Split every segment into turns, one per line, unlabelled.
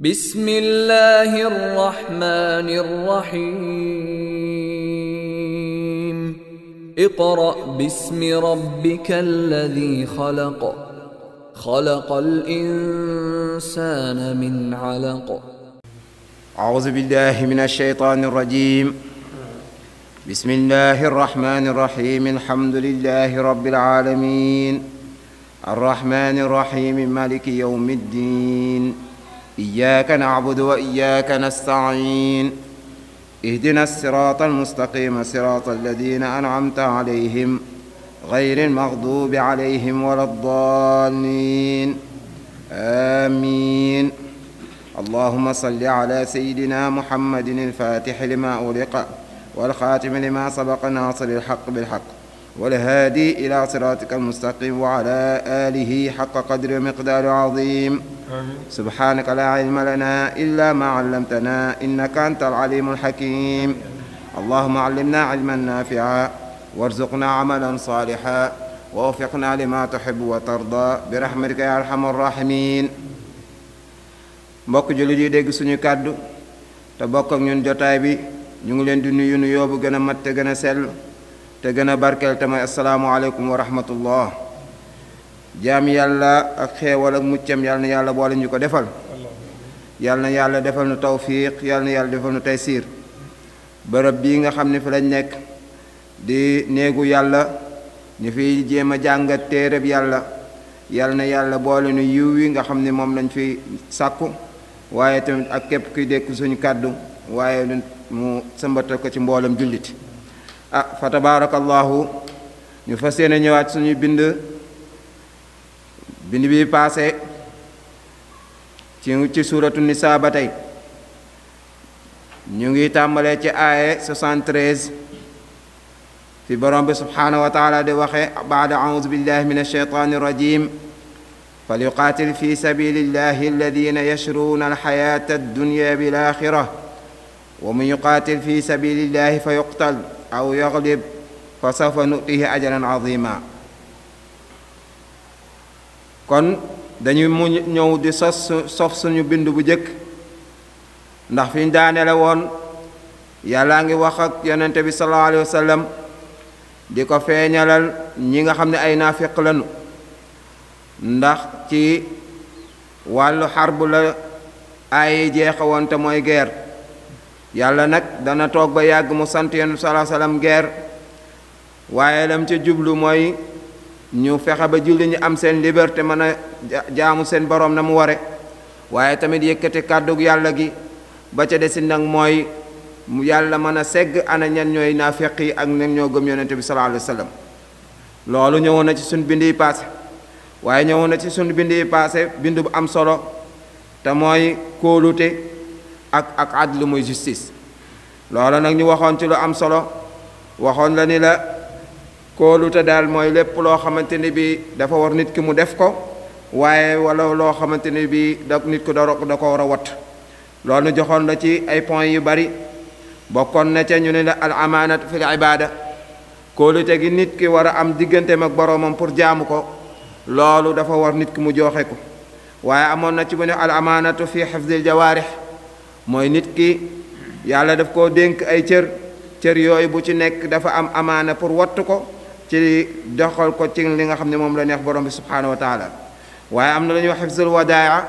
بسم الله الرحمن الرحيم اقرأ باسم ربك الذي خلق خلق الإنسان من علق أعوذ بالله من الشيطان الرجيم بسم الله الرحمن الرحيم الحمد لله رب العالمين الرحمن الرحيم مالك يوم الدين إياك نعبد وإياك نستعين اهدنا الصراط المستقيم صراط الذين أنعمت عليهم غير المغضوب عليهم ولا الضالين آمين اللهم صل على سيدنا محمد الفاتح لما أغلق والخاتم لما سبق ناصر الحق بالحق والهادي إلى صراطك المستقيم وعلى آله حق قدر ومقدار عظيم آمين. سبحانك لا علم لنا إلا ما علمتنا إنك أنت العليم الحكيم اللهم علمنا علما نافعا وارزقنا عملا صالحا ووفقنا لما تحب وترضى برحمتك يا أرحم الراحمين mbokk jullit yi dégg suñu kàddu te bokk ak ñun jotaay bi ñu ngi leen di nuyu nuyoo bu gën a mat te gën a sell te gën a barkeel te mooy asalaamualeykum wa rahmatullah jaam yàlla ak xeewal ak muccam yàlla na yàlla boole ñu ko defal yàlla na yàlla defal nu tawfiq yàlla na yàlla defal nu taysiir bërëb bii nga xam ne fi lañ nekk di néegu yàlla ñu fiy jéem a jàngat bi yàlla yàlla na yàlla boole nu yiw nga xam ni moom lañ fi sàkku waaye tamit ak képp kuy dékk suñu kàddu waaye mu sëmbatal ko ci mboolam jullit ah fa tabaarakallaahu ñu fas yéene ñëwaat suñu bind bind bi paase ci ci suuratu nisaa ba tey ñu ngi tàmbalee ci aaye 73 fi borom bi subhaanahu wa taala di waxe baada audu billahi min alsheytaani irrajim فليقاتل في سبيل الله الذين يشرون الحياة الدنيا بالآخرة ومن يقاتل في سبيل الله فيقتل aw yaglib fa sawfa nutihi ajaran azima kon dañuy mu ñëw di sos sof suñu bind bu jëkk ndax fi ñu daanele woon yàlla ngi wax ak yonente bi sallallahu alayhi di ko feeñalal ñi nga xam ne ay naafiq lañu ndax ci wàllu xar bu la ay jeexa woon te mooy guerre yàlla nag dana toog ba yàgg mu sant yonent bi salaa salaam guerre waaye lam ca jublu mooy ñu fexe ba julli ñu am seen liberté mën a jaamu seen borom na mu ware waaye tamit yëkkati kàddug yàlla gi ba ca desit nag mooy yàlla man a segg ana ñan ñooy naafeq yi ak ñan ñoo gëm yonent bi salaa alayhi salaam loolu ñëwoon na ci suñ bind yi paase waaye ñëwoon na ci suñ bind yi paase bind bu am solo te mooy kóolute ak ak adlu moy justice lolo nak ñu waxon ci lu am solo waxon la ni la ta dal moy lépp lo xamanteni bi dafa war nit ki mu def ko waye wala lo xamanteni bi da nit ko dorok da ko wat lolo joxon la ci ay point yu bari bokon na ci ñu ne la al amanat fil lu te gi nit ki wara am digganteem mak boromam pour jaamu ko lolo dafa war nit ki mu joxe ko waye amon na ci bu ne al amanatu fi hifdhil jawarih mooy nit ki yàlla daf koo dénk ay cër cër yooyu bu ci nekk dafa am amaana pour wattu ko ci doxal ko ci li nga xam ne moom la neex borom bi subhaanahu wa taala waaye am na la ñuy wax xifsul wadaa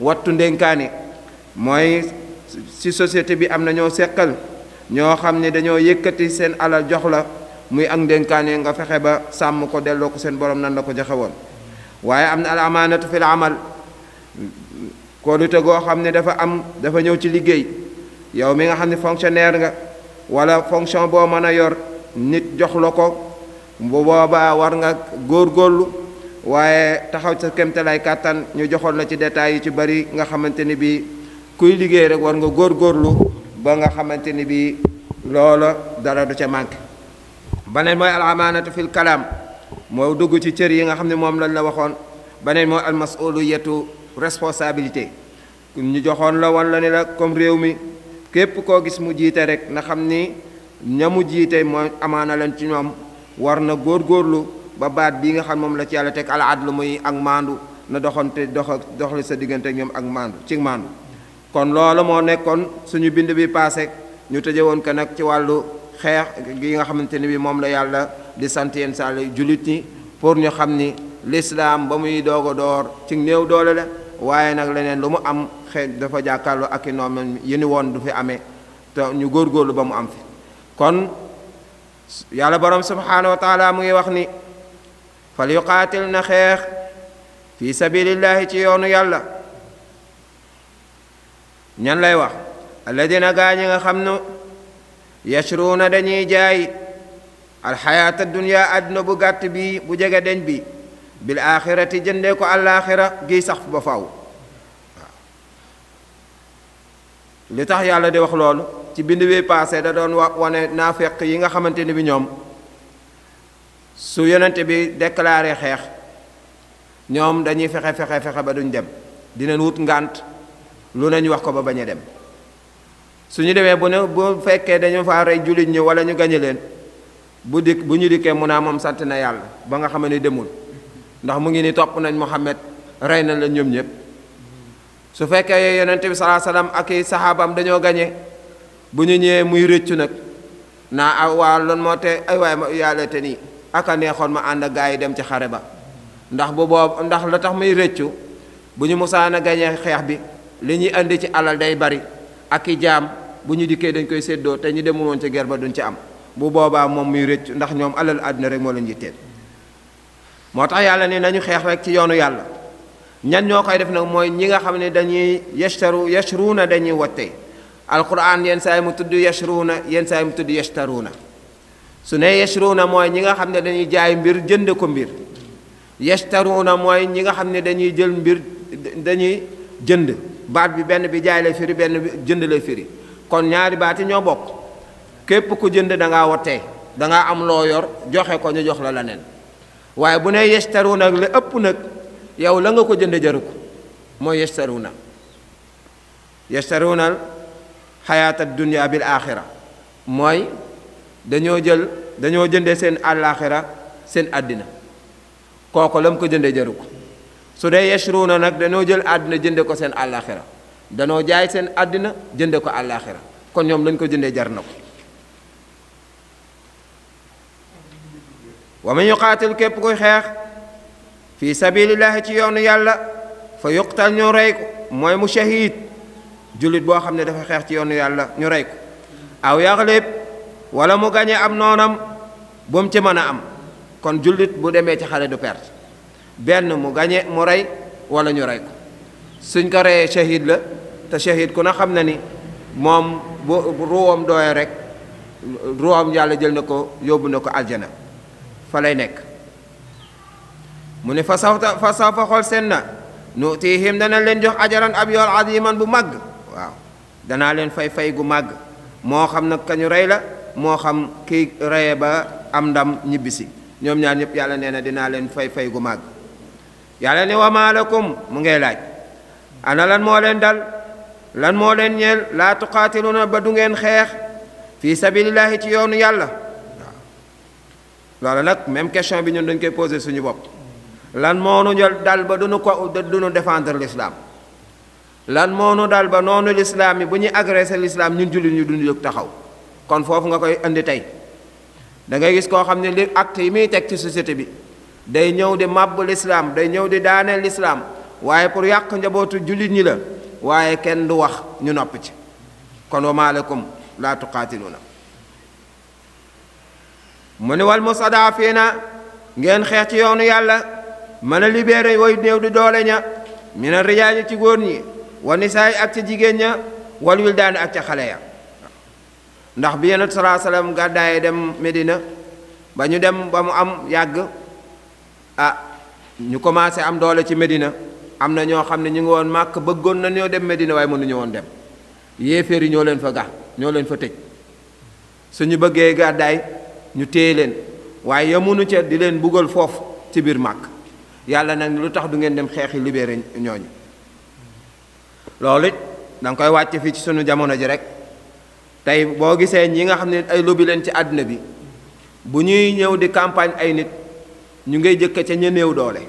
wattu ndénkaane mooy si société bi am na ñoo seqal ñoo xam ne dañoo yëkkati seen alal jox la muy ak ndénkaane nga fexe ba sàmm ko delloo ko seen borom nan la ko joxe woon waaye am na al amaanatu fil amal koodute goo xam ne dafa am dafa ñëw ci liggéey yow mi nga xam ne fonctionnaire nga wala fonction boo mën a yor nit jox la ko bu boobaa war nga góorlu waaye taxaw sa kéemtalaay kàttan ñu joxoon la ci détails yi ci bari nga xamante ni bii kuy liggéey rek war nga góor góorgóorlu ba nga xamante ni bii loola dara du ca manqué. beneen mooy al amaanatu fil kalaam moo dugg ci cër yi nga xam ne moom lañ la waxoon beneen mooy al masuliyatu responsabilité ñu joxoon la wan la ne la comme réew mi képp koo gis mu jiite rek na xam ni ñamu jiite mooy amaana leen ci ñoom war na góorgóorlu ba baat bi nga xam moom la ci yàlla teg al lu muy ak maandu na doxante dox doxali sa diggante ak ñoom ak maandu ci maandu kon loolu moo nekkoon suñu bind bi paase ñu tëje woon ko nag ci wàllu xeex gi nga xamante ni bi moom la yàlla di sant yenn saa jullit ñi pour ñu xam ni lislaam ba muy doog a door ci néew doole la waaye nag leneen lu mu am xeet dafa jàkkaarloo ak i noom yi ni woon du fi amee te ñu góorlu ba mu am fi kon yàlla boroom subhaanahu wa taala mu ngi wax ni fal yuqaatil na xeex fi sabilillahi ci yoonu yàlla ñan lay wax alladina gaa ñi nga xam nu yashruuna dañuy jaay alxayaata dunya àdduna bu gàtt bi bu jege deñ bi bil akhirati jende ko akhirah gi sax ba faw li tax yalla di wax lolou ci bind bi passé da wa wane nafiq yi nga xamanteni bi ñom su yonente bi déclarer xex ñom dañuy fexé fexé fexé ba duñ dem dinañ wut ngant lu nañ wax ko ba baña dem suñu demee bu ne bu fekkee dañu fa ray julit ñi wala ñu gañé len bu dik bu ñu diké mu na mom sant na yalla ba nga xamanteni demul ndax mu ngi ni topp nañ Muhammad rey na la ñoom ñëpp su fekkee yonent bi salaa salaam ak i saxaabam dañoo gañe bu ñu ñëwee muy rëccu nag naa a waa loon moo te ay waay ma yàlla te nii aka neexoon ma ànd ak gaa yi dem ci xare ba ndax bu boobu ndax la tax muy rëccu bu ñu musaan a gañe xeex bi li ñuy indi ci alal day bari ak i jaam bu ñu dikkee dañ koy séddoo te ñu demuloon ci ger ba duñu ci am bu boobaa moom muy rëccu ndax ñoom alal àdduna rek moo leen yitteel moo tax yàlla ne nañu xeex rek ci yoonu yàlla ñan ñoo koy def nag mooy ñi nga xam ne dañuy yashtaru na dañuy watte alquran yenn saa yi mu tudd yashruuna na saa yi mu tudd yashtaruuna su ne yashruuna mooy ñi nga xam ne dañuy jaay mbir jënd ko mbir yashtaruuna mooy ñi nga xam ne dañuy jël mbir dañuy jënd baat bi benn bi jaay lay firi benn bi jënd lay firi kon ñaari baat yi ñoo bokk képp ku jënd da ngaa wattee da ngaa am loo yor joxe ko ñu jox la leneen waaye bu ne yestaruna ak ëpp nag yow la nga ko jënd jaru ko mooy yestaruna yestaruunal xayaata dunya bil akhirah mooy dañoo jël dañoo jënde seen àllaaxira seen àddina kooku la mu ko jënde jaru su dee yashruuna nag dañoo jël àddina jënde ko seen àllaaxira danoo jaay seen àddina jënde ko al àllaaxira kon ñoom lañ ko jëndee jar na ko wa man yuqaatil képp kuy xeex fi sabilillahi ci yoonu yàlla fa yuqtal ñu rey ko mooy mu shahid jullit boo xam ne dafa xeex ci yoonu yàlla ñu rey ko aw yaxlib wala mu gañe am noonam bu mu ci mën a am kon jullit bu demee ci xare du perte benn mu gañe mu rey walla ñu rey ko suñ ko reyee shahid la te shahid ku na xam na ni moom bu ruwam dooye rek ruwam yàlla jël na ko yóbbu na ko aljana fa lay fasa fasa fa safa fa safa khol senna na dana len jox ajaran ab yool aziman bu mag waaw dana len fay fay gu mag mo xam nak kañu ray la mo xam ki ray ba am ndam ñibisi ñom ñaar ñep yalla neena dina len fay fay gu mag yalla ne wa malakum mu ngay laaj ana lan mo len dal lan mo len ñeel la tuqatiluna ba du ngeen xex fi sabilillahi ci yoonu yalla loolu nag même question bi ñun dañ koy posé suñu bopp lan moo nu dal ba duñu ko duñu défendre l'islam lan moo nu dal ba noonu l'islam yi bu ñuy agressé l'islam ñun jullit ñu duñu jóg taxaw kon foofu nga koy andi tey da ngay gis koo xam ne li acte yi muy teg ci société bi day ñëw di màbb l'islam day ñëw di daane l'islam waaye pour yàq njabootu jullit ñi la waaye kenn du wax ñu nopp ci kon wa maalakum la tuqatiluna mu ne wal mustadaafiina ngeen xeex ci yoonu yàlla mën a libéré way néew di doole ña min ar-rijaali ci góor ñi wa ak ci jigéen ña wal wildaani ak ca xale ya ndax bi yonent salaa salaam dem Medina ba ñu dem ba mu am yàgg a ah, ñu commencé am doole ci Medina am na ñoo xam ne ñu ngi woon màkk bëggoon na ñoo dem Medina waaye mënuñu woon dem yéeféer yi ñoo leen fa ga ñoo leen fa tëj ñu bëggee gàddaay ñu téye leen waaye yamunu ca di leen buggal foofu ci biir màkk yàlla nag lu tax du ngeen dem xeexi libéré ñooñu loolu it danga koy wàcce fii ci sunu jamono ji rek tey boo gisee ñi nga xam ne ay lobby leen ci àddina bi bu ñuy ñëw di campagne ay nit ñu ngay jëkk ca ña néew doole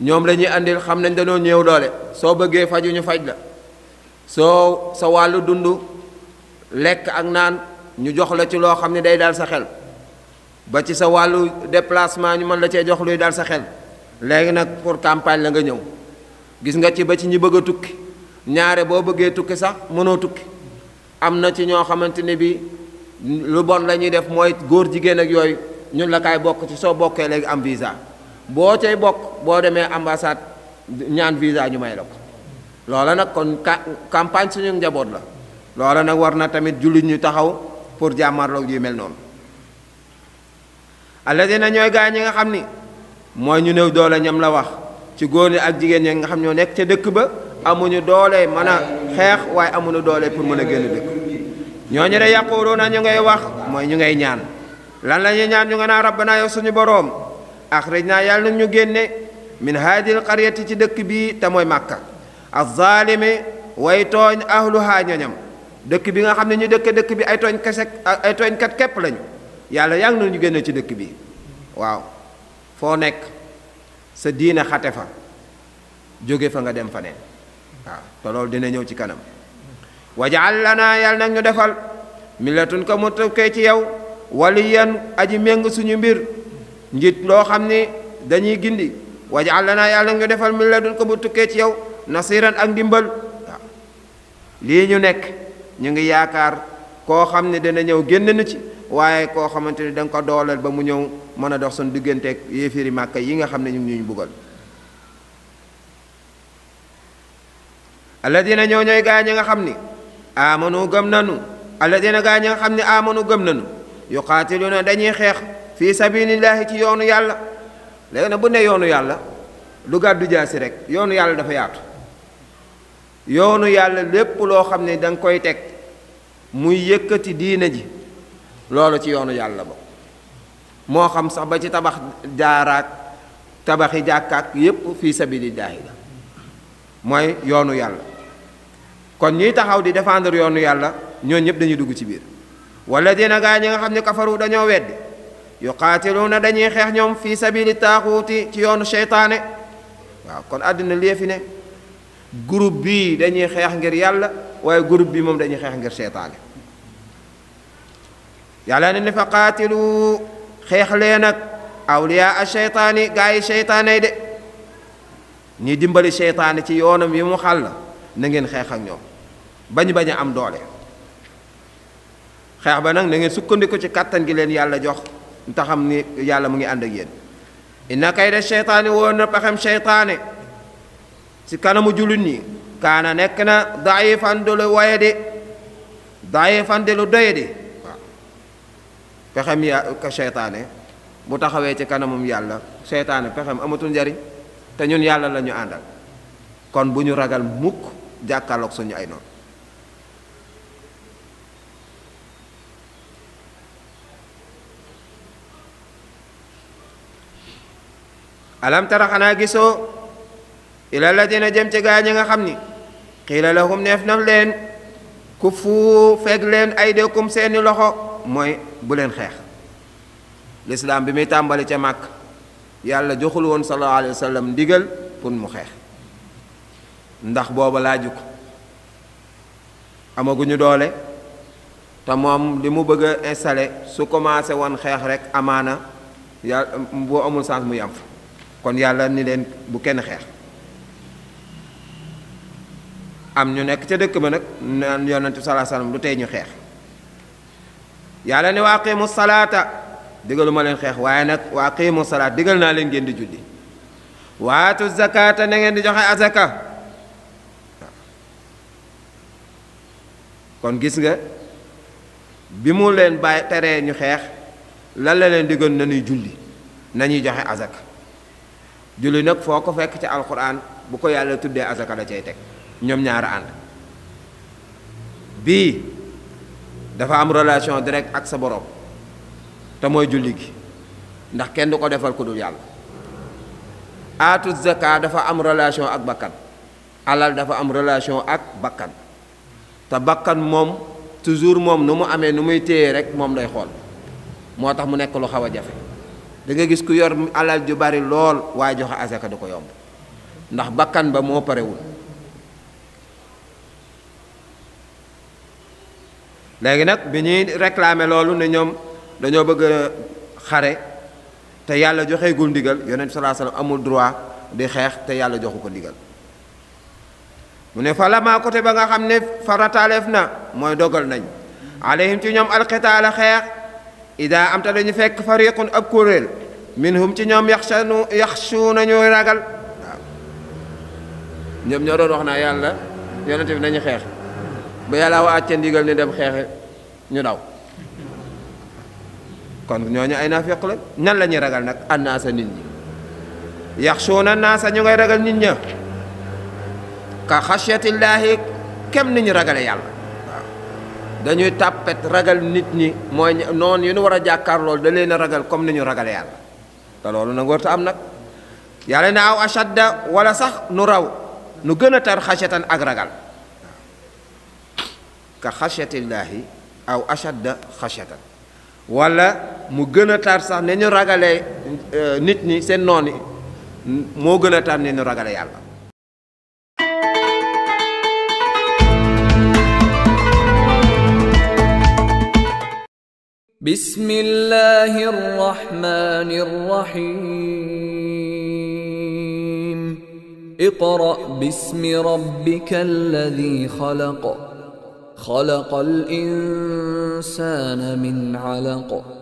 ñoom lañuy ñuy xam nañ dañoo ñëw doole soo bëggee faju ñu faj la soo sa wàllu dund lekk ak naan ñu jox la ci loo xam ne day daal sa xel ba ci sa wàllu déplacement ñu man la cee jox luy dal sa xel léegi nag pour campagne la nga ñëw gis nga ci ba ci ñi bëgg tukki ñaare boo bëggee tukki sax mënoo tukki am na ci ñoo xamante ni bi lu bon la ñuy def mooy góor jigéen ak yooyu ñun la kaay bokk ci soo bokkee léegi am visa boo cay bokk boo demee ambassade ñaan visa ñu may la ko loola nag kon campagne suñu njaboot la loola nag war na tamit jullit ñu taxaw pour jàmmarloog yu mel noonu alladina ñooy gaa ñi nga xam ni mooy ñu néew doole ñam la wax ci góor ñi ak jigéen ñi nga xam ñoo nekk ca dëkk ba amuñu doole mën a xeex waaye amuñu doole pour mën a génn dëkk ñooñu de yaquuluuna ñu ngay wax mooy ñu ngay ñaan lan la ñuy ñaan ñu nga naan rabbana yow suñu boroom axrijnaa yàlla na ñu génne min haadil qaryati ci dëkk bii te mooy màkka azzaalimi way tooñ ahluhaa ñoñam dëkk bi nga xam ne ñu dëkk dëkk bi ay tooñ kese ay tooñkat képp lañu yàlla yaa ngi ñu génn ci dëkk bi waaw foo nekk sa diine xate fa jóge fa nga dem fa neen waaw te loolu dina ñëw ci kanam wajaal naa yàlla nag ñu defal millatun ko mu tukkee ci yow waliyan aji méng suñu mbir njit loo xam ni dañuy gindi wajaal lanaa yàlla nag ñu defal millatun ko mu tukkee ci yow nasiran ak ndimbal lii ñu nekk ñu ngi yaakaar koo xam ne dina ñëw génn na ci waye ko xamanteni dang ko dolal ba mu ñew mëna dox dox digënté ak yéféri makka yi nga xamné ñu ñu ngi alladheena ñoo nga xamni amanu gëm nanu alladheena gaa nga xamni amanu gëm nanu yuqaatiluna dañuy xex fi sabilillahi ci yoonu yalla léegi nag bu ne yoonu yalla du gaddu jaasi rek yoonu yalla dafa yaatu yoonu yalla lepp lo dang koy tek muy diina ji loolu ci yoonu yàlla ba moo xam sax ba ci tabax jaaraak tabaxi jàkkaak yépp fii sabilillaahi la mooy yoonu yàlla kon ñuy taxaw di défendre yoonu yàlla ñooñu ñëpp dañuy dugg ci biir walladina gaa ñi nga xam ne kafaru dañoo weddi na dañuy xeex ñoom fii sabili taaxuuti ci yoonu seytaane waaw kon àddina lee fi ne groupe bii dañuy xeex ngir yàlla waaye groupe bi moom dañuy xeex ngir seytaane yalla ne fa qatilu khex le nak awliya a shaytan gay shaytan de ni dimbali shaytan ci yonam yi mu xal na ngeen xeex ak ñoom bañ bañ am doole xeex ba nak na ngeen sukkandiku ci katan gi len yalla jox ni yalla mu ngi and ak yeen inna kayda shaytan seytaane na si kanamu jullit kana kaana nekk na daayifan du lu waye pexem ya ka seytaane bu taxawee ci kanamum yàlla seytaane pexem amatul njariñ te ñun yàlla la ñu àndal kon bu ñu ragal mukk jàkkaarloog suñu ay noonu alam tara xanaa gisoo ila ladina jëm ci gaa ñi nga xam ni xiila lahum neef naf leen ku loxo mooy bu leen xeex lislaam bi muy tàmbali ca màkk yàlla joxul woon sallallahu alayhi wa ndigal pour mu xeex ndax booba laaju ko amaguñu doole te moom li mu bëgg a installé su commencé woon xeex rek amaana yàlla amul sens mu yam fa kon yàlla ni leen bu kenn xeex am ñu nekk ca dëkk ba nag naan yonente sallallahu alayhi wa sallam lu tey ñu xeex yàlla ne wa aqimu salaata digalu ma leen xeex waaye nag wa aqimu salaat digal naa leen ngeen di julli waatu zakata na ngeen di joxe azaka kon gis nga bi mu leen bàyyi teree ñu xeex lan la leen digal nañuy julli nañuy joxe azaka julli nag foo ko fekk ci alquran bu ko yàlla tuddee azaka la cay teg ñoom ñaara ànd bii dafa am relation direct ak sa borom te mooy julli gi ndax kenn du ko defal ku dul yàlla aatu zaka dafa am relation ak bakkan alal dafa am relation ak bakkan te bakkan moom toujours moom nu mu amee nu muy téye rek moom day xool moo tax mu nekk lu xaw a jafe da nga gis ku yor alal ju bari lool waaye joxe asaka du ko yomb ndax bakkan ba moo parewul léegi nag bi ñuy réclamer loolu ne ñoom dañoo bëgg a xare te yàlla joxeegul ndigal yonent bi salaa salaam amul droit di xeex te yàlla joxu ko ndigal mu ne fa lama côté ba nga xam ne farataaleef na mooy dogal nañ alayhim ci ñoom alqitaala xeex ida am te dañu fekk fariqun ab kuréel minhum ci ñoom yaxshanu yaxshuuna ñuy ragal waaw ñoom ñoo doon wax naa yàlla yonent bi nañu xeex ba yàlla wa àcce ndigal ni dem xeexe ñu daw kon ñooñu ay naafeq la ñan la ragal nag annaasa nit ñi yaxshuuna naasa ñu ngay ragal nit ña ka llahi kem ni ñu ragale yàlla dañuy tàppet ragal nit ñi mooy noonu yu ñu war a jàkkaar loolu da leen a ragal comme ni ñu ragale yàlla te loolu nag warta am nag yàlla na aw ashadda wala sax nu raw nu gën tar xasiyatan ak ragal ka xasiyatillahi aw ashadda xasiyatan wala mu gën a tar sax ne ñu ragalee nit ñi seen noon yi moo gën a tar ne ñu ragale yàlla بسم الله الرحمن الرحيم اقرأ باسم ربك الذي خلق خلق الإنسان من علق